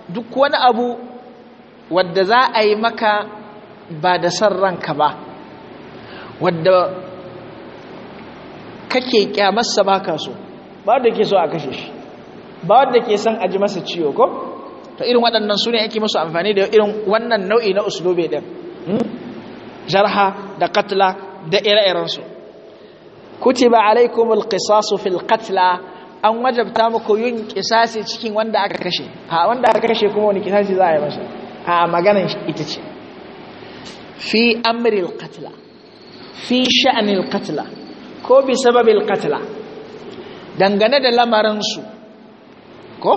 duk wani abu wadda za a yi maka ba da san ranka ba wadda kake kyamarsa ba ka so ba wanda ke so a kashe shi ba wanda ke son a ji masa ciwo ko to irin waɗannan su ne ake musu amfani da irin wannan nau'i na uslubi ɗin hmm? jarha da katla da ire-irensu ba alaikumul qisasu fil katla an wajabta muku yin kisasi cikin wanda aka kashe a wanda aka kashe kuma wani ƙisasi za a yi masa a maganin ita ce fi amril katla fi sha'anil katla ko bi sababil katla dangane da lamarinsu ko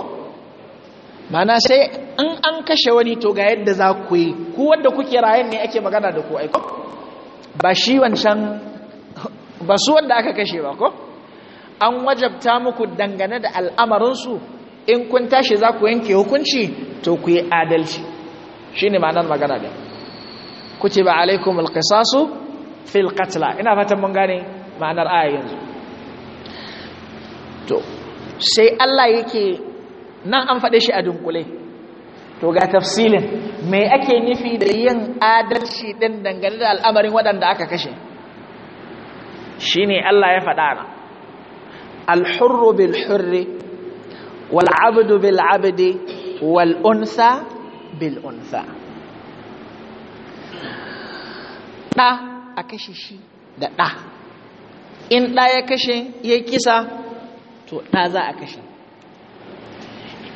mana sai an an kashe wani to ga yadda za ku yi ku wadda kuke rayan ne ake magana da ku aiko ba shi wancan ba su wanda aka kashe ba ko an wajabta muku dangane da al'amarinsu in kun tashi za ku yanke hukunci to ku yi adalci shi ne ma'anar magana da ku ce ba alaikum alkisasu fil katla ina fatan mun gane ma'anar aya yanzu to sai Allah yake nan an faɗe shi a dunkule to ga tafsilin me ake nufi da yin adalci ɗin dangane da al'amarin waɗanda aka kashe shine Allah ya faɗa na alhurru bil hurri wal abdu bil abdi wal unsa bil unsa ɗa a kashe shi da ɗa in ɗa ya kashe ya kisa to ɗa za a kashe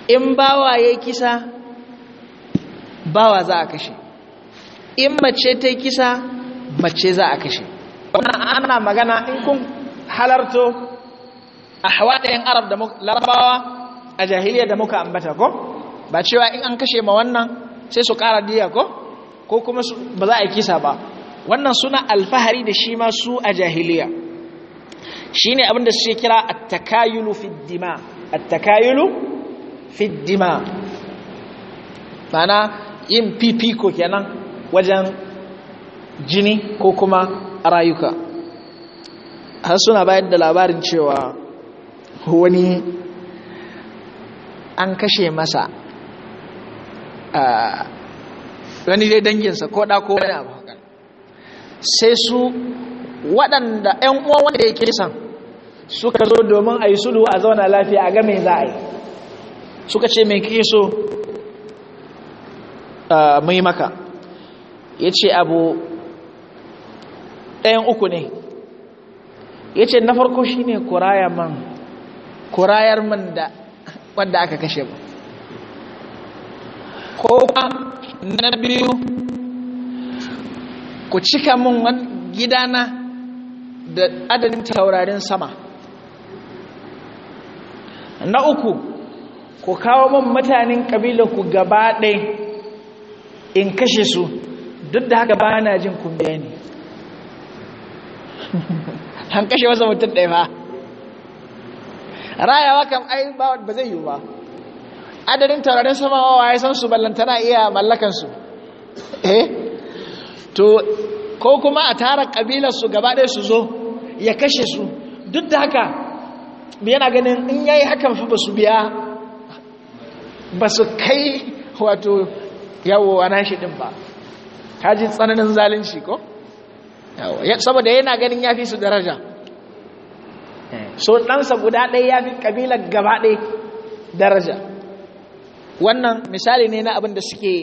in bawa ya kisa bawa za a kashe in mace ta kisa mace za a kashe ana magana in kun halarto a hawaɗin arab da larabawa a jahiliya da muka ambata ko ba cewa in an kashe ma wannan sai su ƙara diya ko ko kuma ba za a kisa ba wannan suna alfahari da shi ma su a jahiliya shine abin da suke kira at-takayulu fi dima takayulu fi mana yin fifiko kenan wajen jini ko kuma rayuka har suna bayar da labarin cewa wani an kashe masa wani dai danginsa ko ɗa ko wani abu sai su waɗanda ‘yan uwan wanda ya kisan suka zo domin a yi sulhu a zauna lafiya a game za a yi suka ce mai kike so mai maka ya ce abu ɗayan uku ne ya ce na farko shi ne kurayar man da wadda aka kashe ba ko na biyu ku cika min gidana da adadin taurarin sama na uku ku kawo man mutanen ku gaba ɗai in kashe su duk da haka ba na jin kumbiya ne an kashe wasu mutum ɗaya ba rayawa kam ai ba zai yi ba adadin taurarin sama wa ya san su ballantana iya mallakansu eh to ko kuma a tara ƙabilarsu gaba ɗaya su zo ya kashe su duk da haka yana ganin in yayi hakan fi ba su biya ba su kai wato yawo a nashi ɗin ba kaji tsananin zalunci ko saboda yana ganin ya fi su daraja so ɗansa guda ɗaya ya fi kabilar gaba ɗaya daraja wannan misali ne na abin da suke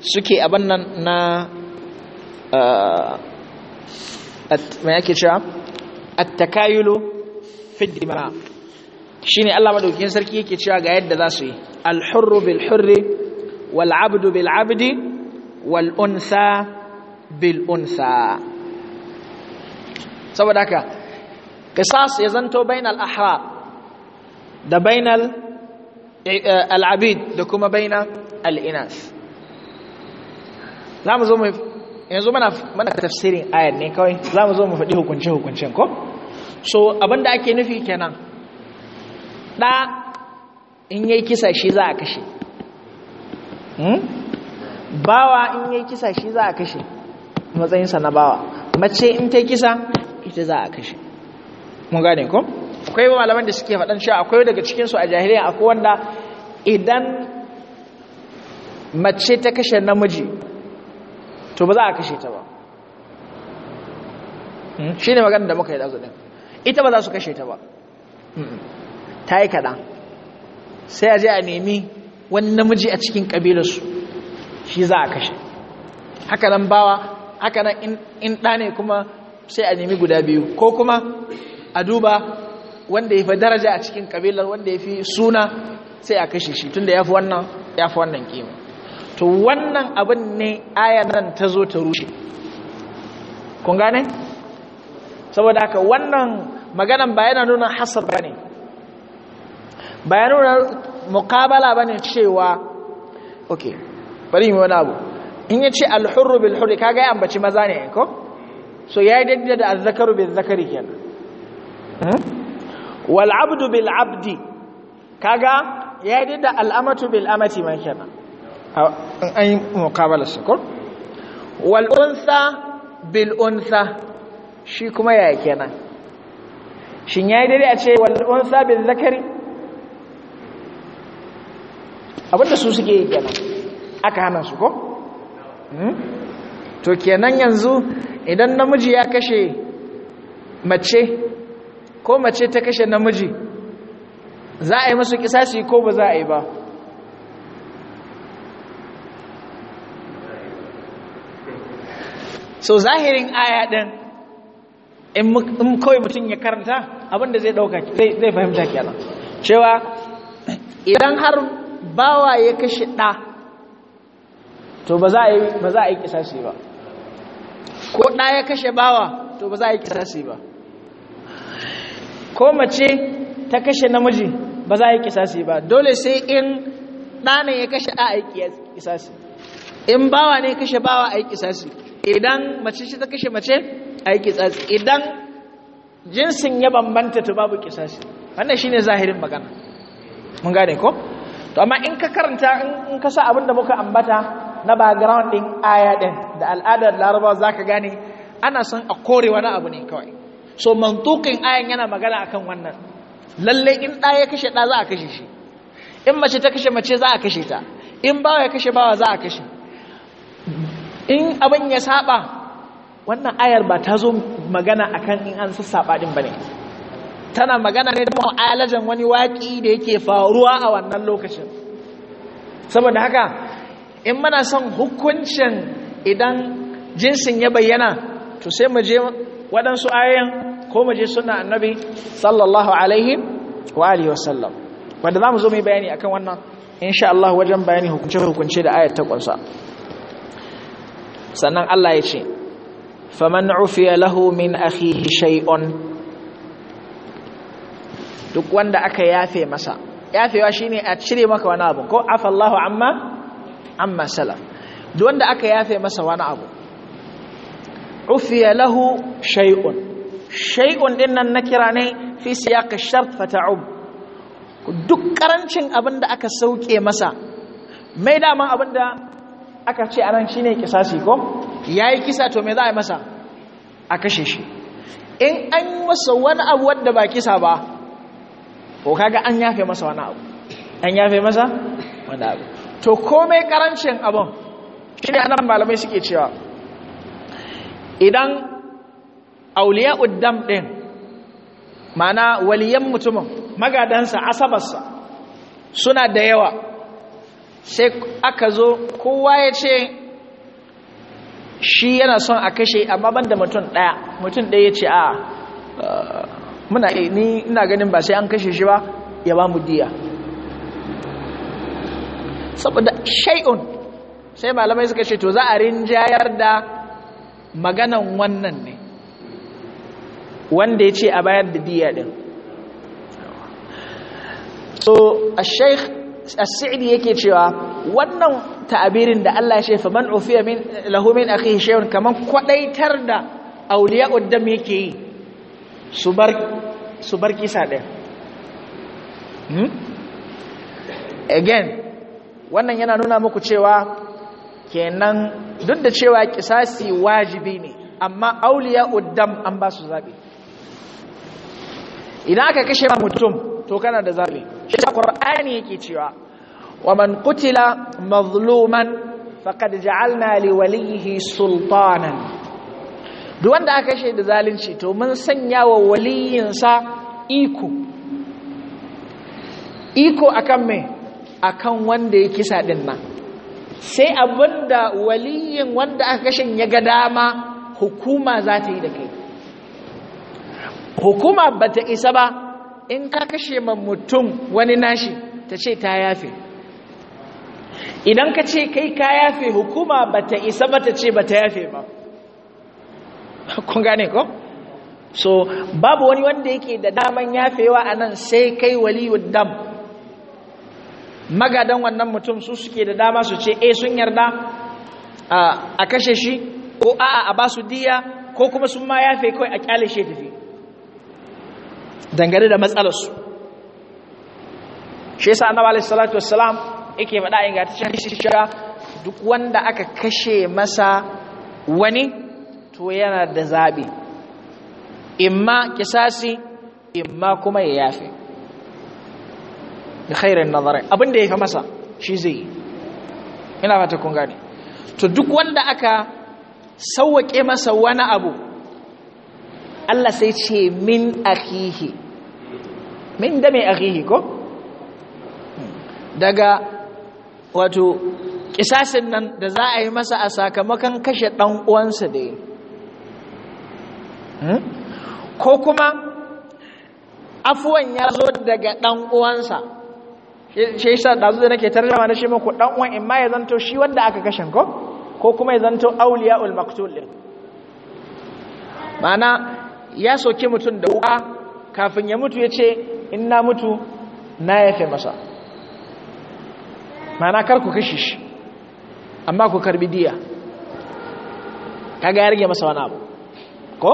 suke abin nan na mai yake cewa attakayulu fid dimara shine Allah madaukakin sarki yake cewa ga yadda za su yi al-hurru bil hurri wal 'abdu bil 'abdi wal unsa bil unsa saboda haka qisas ya zanto bainal ahrar da bainal al-abid da kuma bainal al-inas zamu zo mu yanzu mana tafsirin ayar ne kawai za mu zo mu faɗi hukunce-hukuncen ko so abinda ake nufi kenan ɗa in yi kisa shi za a kashe hmm? bawa in yi kisa shi za a kashe matsayinsa na bawa mace in ta kisa ita za a kashe mun gane ko akwai malaman da suke faɗan shi akwai daga cikinsu a jahiliya akwai wanda idan mace ta kashe namiji to ba za a kashe ta ba hmm? shi ne magana da muka yi ɗazu ɗin ita ba za su kashe ta ba hmm. ta yi kaɗan sai a je a nemi wani namiji a cikin ƙabilarsu shi za a kashe haka nan bawa haka nan in ɗa ne kuma sai a nemi guda biyu ko kuma a duba wanda ya fi daraja a cikin ƙabilar wanda ya fi suna sai a kashe shi tunda ya fi wannan kima to wannan abin ne ayan ta zo ta rushe kun gane saboda haka wannan maganan ba yana nuna hasar ba ne ba yana nuna mukabala ba ne cewa ok bari yi wani abu in ya ce alhurru bil hurri kaga ya ambaci maza ne ko so ya yi daidai da azzakaru bil zakari kenan hmm? wal abdu bil abdi kaga ya yi daidai da al'amatu bil amati ma kenan in an yi mukabalarsa ko wal'unsa bil'unsa shi kuma ya kenan shin ya yi dare a ce wal'unsa bil zakari abinda su suke yi kenan aka hana su ko? Hmm? to kenan yanzu idan namiji ya kashe mace ko mace ta kashe namiji za a yi masu kisasi ko ba za a yi ba so zahirin aya din in kawai mutum ya karanta abinda zai dauka zai fahimta kenan cewa idan har bawa ya kashe ɗa to ba za a yi kisasi ba ko ɗa ya kashe bawa to ba za a yi kisasi ba ko mace ta kashe namiji ba za a yi kisasi ba dole sai in ɗa ya kashe ɗa a yi kisasi in bawa ne kashe bawa a yi kisasi idan mace ce ta kashe mace a yi kisasi idan jinsin ya bambanta ta babu kisasi wannan shine zahirin magana mun gane ko to amma in ka karanta in ka sa abin da muka ambata na background din aya din da al'adar larabawa zaka gane ana son a kore wani abu ne kawai so mantukin ayan yana magana akan wannan lalle in ɗa ya kashe ɗa za a kashe shi in mace ta kashe mace za a kashe ta in bawa ya kashe bawa za a kashe in abin ya saba wannan ayar ba ta zo magana akan in an sassaba din bane tana magana ne da mu'alajan wani waki da yake faruwa a wannan lokacin saboda haka in muna son hukuncin idan jinsin ya bayyana to sai mu je waɗansu ayoyin ko mu je suna annabi sallallahu alaihi wa alihi wasallam wanda za mu zo mai bayani akan wannan insha Allah wajen bayani hukunce-hukunce da ayat ta ƙunsa sannan Allah ya ce faman ufiya lahu min akhihi shay'un duk wanda aka yafe masa yafewa shine a cire maka wani abu ko afallahu amma amma salaf duk wanda aka yafe masa wani abu ufiya lahu shay'un shay'un din nan na kira ne fi siyaq ash-shart fata'ub duk karancin abinda aka sauke masa mai dama abin da aka ce anan ne kisasi ko ya yi kisa to me za a yi masa a kashe shi in an yi masa wani abu wadda ba kisa ba ko kaga an yafe masa wani abu an yafe masa wani abu to komai karancin abun shi ne anan malamai suke cewa idan auliya uddam ɗin mana waliyan mutumin magadansa asabarsa suna da yawa sai aka zo kowa ya ce shi yana son a kashe amma banda mutum ɗaya mutum ɗaya ya ce a uh, muna ni ina ganin ba sai an kashe shi ba ya ba mu diya saboda shay'un sai malamai suka ce to za a rinjayar da maganan wannan ne wanda ya ce a bayar da diya din so a sheikh as-sa'di yake cewa wannan ta'abirin da Allah ya ce fa man ufiya min lahu min akhihi shay'un kaman kwadaitar da awliya'ud dam yake yi su bar su bar kisa ɗaya hmm? again wannan yana nuna muku cewa kenan duk da cewa kisasi wajibi ne amma auliya uddam an ba su zaɓe idan aka kashe mutum to kana da zaɓe shi ta qur'ani yake cewa wa man qutila mazluman faqad ja'alna li walihi sultanan duk wanda aka kashe da zalunci to mun sanya wa waliyinsa iko iko akan me akan wanda ya kisa din nan sai abinda waliyin wanda aka kashe ya ga dama hukuma za ta yi da kai hukuma bata isa ba in ka kashe ma mutum wani nashi ta ce ta yafe idan ka ce kai ka yafe hukuma ba ta isa ba ta ce ba ta yafe ba kun gane ko? so babu wani wanda yake da daman yafewa a nan sai kai waliyud dam magadan wannan mutum su suke da dama su ce eh sun yarda a kashe shi ko a'a a ba su diya ko kuma sun ma yafe kawai a kyale shi tafi dangane da matsalarsu shi yasa annabi alaihi wasallam yake faɗa ingantaccen shira duk wanda aka kashe masa wani to yana da zabi imma kisasi imma kuma ya yafe da khairin nazarai abinda ya fi masa shi zai yi ina fata kun gane to duk wanda aka sauwake masa wani abu Allah sai ce min akihi min da mai akihi ko daga wato kisasin nan da za a yi masa a sakamakon kashe ɗan uwansa da yi hmm? ko kuma afuwan ya zo daga ɗan uwansa shi sa ɗazu da nake tarjama na shi muku ɗan uwan in ma ya zanto shi wanda aka kashe ko ko kuma ya zanto auliya ulmaktul ma'ana ya soke mutum da wuka kafin ya mutu ya ce in na mutu na yafe masa mana kar ku kashe shi amma ku karbi diya kaga ya rage masa wani abu ko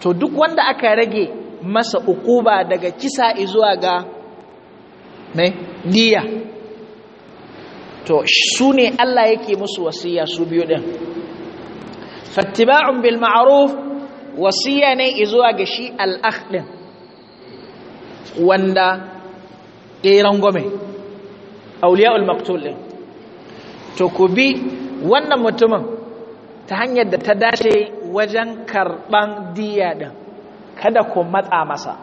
to duk wanda aka rage masa ukuba daga kisa zuwa ga ne diya to su ne Allah yake musu wasiya su biyu din fattiba'un bil ma'ruf wasiya ne izuwa ga shi al'akh wanda ƙeran gome auliya maktul to ku bi wannan mutumin ta hanyar da ta dace wajen karɓan diya ɗin kada ku matsa masa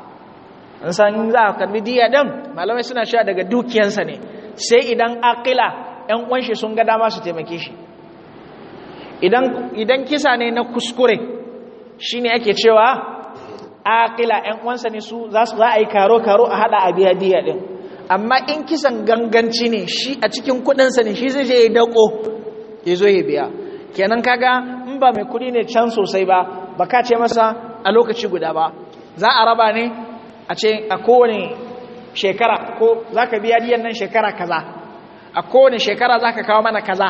an san za a karɓi diya ɗin malamai suna sha daga dukiyansa ne sai idan akila ‘yan ƙwanshi sun ga dama su taimake shi idan kisa ne na kuskure shi ne ake cewa aƙila ‘yan uwansa ne su za a yi karo-karo a haɗa a biya biya ɗin amma in kisan ganganci ne shi a cikin kuɗinsa ne shi zai yi ya dako ya zo ya biya kenan kaga in ba mai kuɗi ne can sosai ba ba ka ce masa a lokaci guda ba za a raba ne a ce a kowane shekara ko za ka biya diyan nan shekara kaza a kowane shekara za ka kawo mana kaza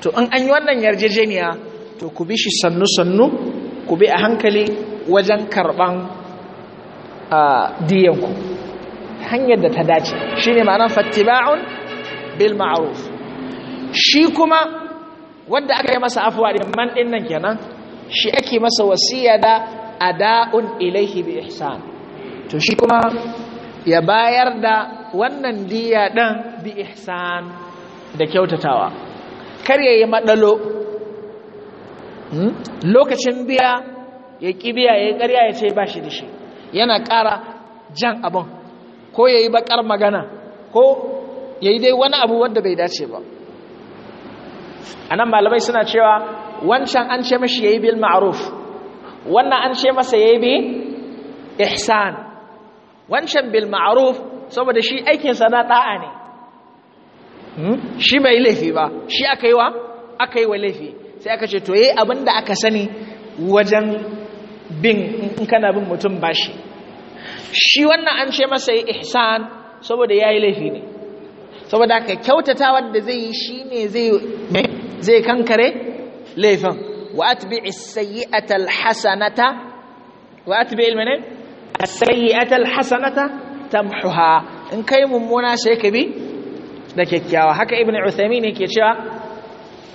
to in an yi wannan yarjejeniya to ku bi shi sannu-sannu ku bi a hankali wajen karɓan diyanku hanyar da ta dace shi ne ma'anar fattiba'un bil ma'aruf shi kuma wadda aka yi masa afuwa da man ɗinnan kenan shi ake masa wasiya da ada'un ilaihi bi ihsan to shi kuma ya bayar da wannan diya ɗin bi ihsan da kyautatawa kar ya yi maɗalo Hmm? lokacin biya ya ƙi biya ya ƙarya ya ce ba shi da shi yana ƙara jan abin ko ya yi baƙar magana ko ya yi dai wani abu wanda bai dace ba a nan malamai suna cewa wancan an ce mashi ya yi bil ma'aruf wannan an ce masa ya yi bi ihsan wancan bil ma'aruf saboda shi aikin na ɗa'a ne hmm? shi bai laifi ba shi aka yi wa laifi sai aka ce to yi eh, abin da aka sani wajen bin in kana bin mutum bashi shi wannan an ce masa yi ihsan saboda ya yi laifi ne saboda ka kyautata wadda zai yi shi ne zai kankare laifin wa atbi sayyi'ata alhasanata wa A ilmane as tamhuha in kai mummuna sai ka bi da kyakkyawa haka ibnu ne ke cewa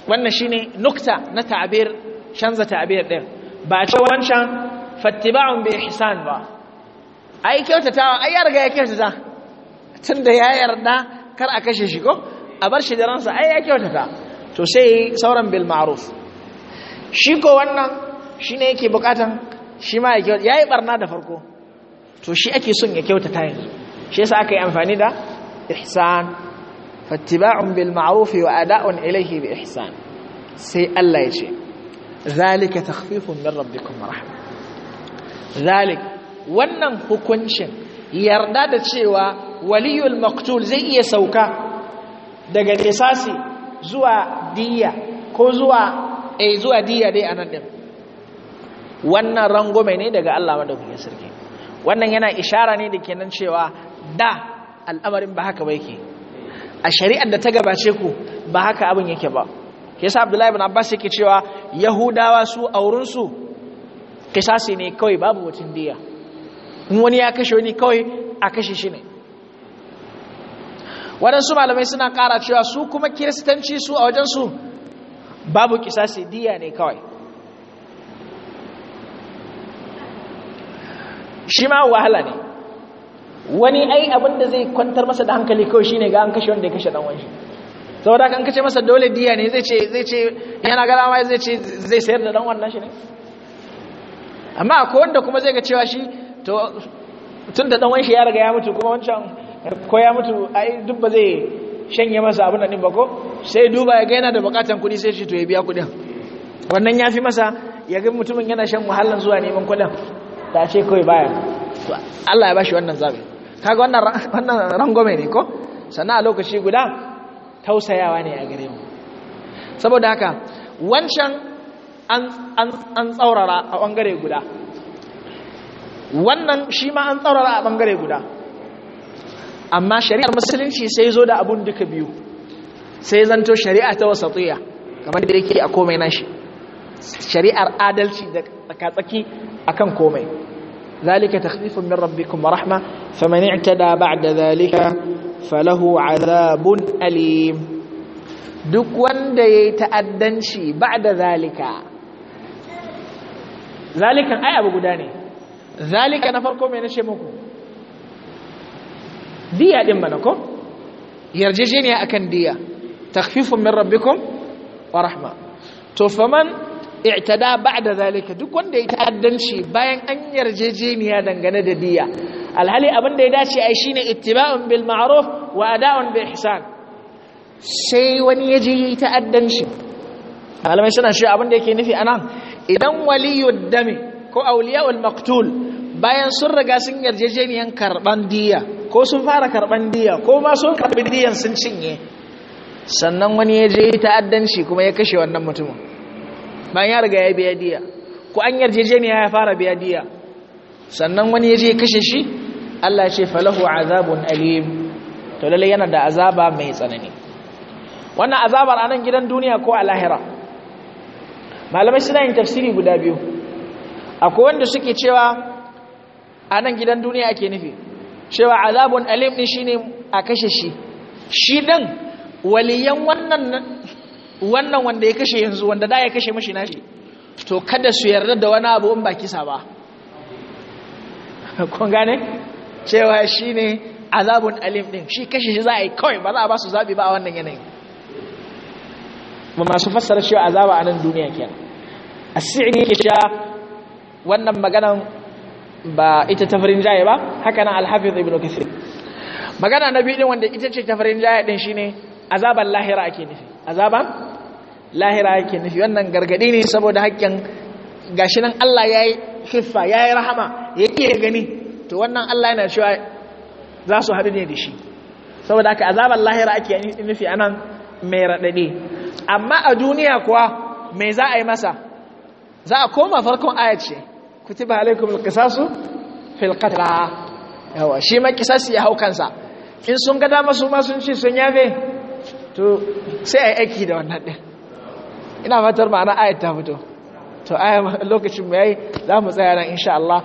wannan shine nukta na ta'abir canza ta'abir din ba ce wancan fattiba'un bi ihsan ba ai kyautatawa ai ya riga ya kyautata tunda ya yarda kar a kashe shi ko a bar shi da ransa ai ya kyautata to sai sauran bil ma'ruf shi ko wannan shine yake bukatan shi ma ya kyautata yayi barna da farko to shi ake son ya kyautata yanzu shi yasa aka yi amfani da ihsan fattiba'un bil ma'ruf wa ada'un ilayhi bi ihsan sai Allah ya ce zalika takhfifun min rabbikum rahma zalik wannan hukuncin yarda da cewa waliyul maqtul zai iya sauka daga nisasi zuwa diya ko zuwa eh zuwa diya dai anan din wannan mai ne daga Allah madaukakin sarki wannan yana ishara ne da kenan cewa da al'amarin ba haka ba yake a shari'ar da ta gabace ku ba haka abin yake ba sa abdullahi ibn abbas yake cewa yahudawa su auren su kisasi ne kawai babu mutum diya in wani ya kashe wani kawai a kashe shi ne waɗansu malamai suna ƙara cewa su kuma kiristanci su a wajensu babu kisasi diya ne kawai shi ma wahala ne wani ai abin da zai kwantar masa da hankali kawai shine ga an kashe wanda ya kashe dan wani saboda kan an kashe masa dole diya ne zai ce zai ce yana gara mai zai ce zai sayar da dan wannan shi ne amma akwai wanda kuma zai ga cewa shi to tun da dan wani ya riga ya mutu kuma wancan ko ya mutu ai duk ba zai shanye masa abin nan ba ko sai duba ya ga yana da bukatun kuɗi sai shi to ya biya kuɗin wannan ya fi masa ya ga mutumin yana shan wahalan zuwa neman kudin ta ce kawai baya to Allah ya bashi wannan zabi kaga wannan wannan rangwame ne ko sannan a lokaci guda tausayawa ne a gare mu saboda haka wancan an tsaurara a bangare guda wannan shi ma an tsaurara a bangare guda amma shari'ar musulunci sai zo da abun duka biyu sai zanto shari'a ta wasatiya kamar da yake a komai nashi shari'ar adalci da tsakatsaki akan komai ذلك تخفيف من ربكم ورحمة فمن اعتدى بعد ذلك فله عذاب أليم دك وند يتأدنشي بعد ذلك ذلك أي أبو قداني ذلك نفركم من الشموكم دي أدم منكم يرججيني أكن دي تخفيف من ربكم ورحمة تو فمن i'tada ba'da zalika duk wanda ya ta'addanci bayan an yarjejeniya dangane da diya alhali abin da ya dace ai shine ittiba'un bil ma'ruf wa ada'un bi ihsan sai wani ya je ta'addanci malamai suna shi abin da yake nufi anan idan waliyud dami ko awliya'ul maqtul bayan sun riga sun yarjejeniyan karban diya ko sun fara karban diya ko ma sun karbi diyan sun cinye sannan wani ya je ta'addanci kuma ya kashe wannan mutumin bayan ya riga ya biya diya ko an yarjejeniya ya fara biya diya sannan wani ya je kashe shi Allah ya ce falahu azabun alim to lalle yana da azaba mai tsanani wannan azabar anan gidan duniya ko a lahira malamai suna yin tafsiri guda biyu akwai wanda suke cewa anan gidan duniya ake nufi cewa azabun alim din shine a kashe shi shi dan waliyan wannan wannan wanda ya kashe yanzu wanda da ya kashe mashi nashi to kada su yarda da wani abu in ba kisa ba kun gane cewa shine azabun alim din shi kashe shi za a yi kawai ba za a ba su zabi ba a wannan yanayin masu fassara cewa azaba a nan duniya kenan asiri yake sha wannan maganan ba ita tafarin jaye ba haka nan alhafiz ibn kathir magana na biyu din wanda ita ce tafarin jaye din shine azaban lahira ake nufi azaba lahira yake nufi wannan gargadi ne saboda hakkin gashi nan Allah ya yi hiffa ya yi rahama ya gani to wannan Allah yana cewa za su haɗu ne da shi saboda haka azaban lahira ake nufi a nan mai raɗaɗe amma a duniya kuwa mai za a yi masa za a koma farkon ayace kutiba alaikum alqisasu fil qatl yawa shi ma ya hau kansa in sun ga dama su ma sun ce sun yafe to sai a aiki da wannan ɗin ina matar ma'ana ayat ta fito to ayat lokacin mai yayi za mu tsaya nan insha Allah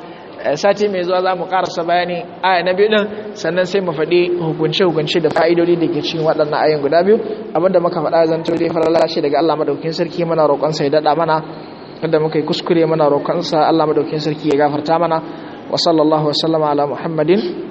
eh, sati mai zuwa za mu karasa bayani aya na biyu ɗin sannan sai mu faɗi hukunce-hukunce da fa'idodi da ke cin waɗannan ayin guda biyu abinda muka faɗa zan to dai farala shi daga Allah madaukin sarki mana roƙonsa ya daɗa mana inda muka yi kuskure mana roƙonsa Allah madaukin sarki ya gafarta mana wa sallallahu ala muhammadin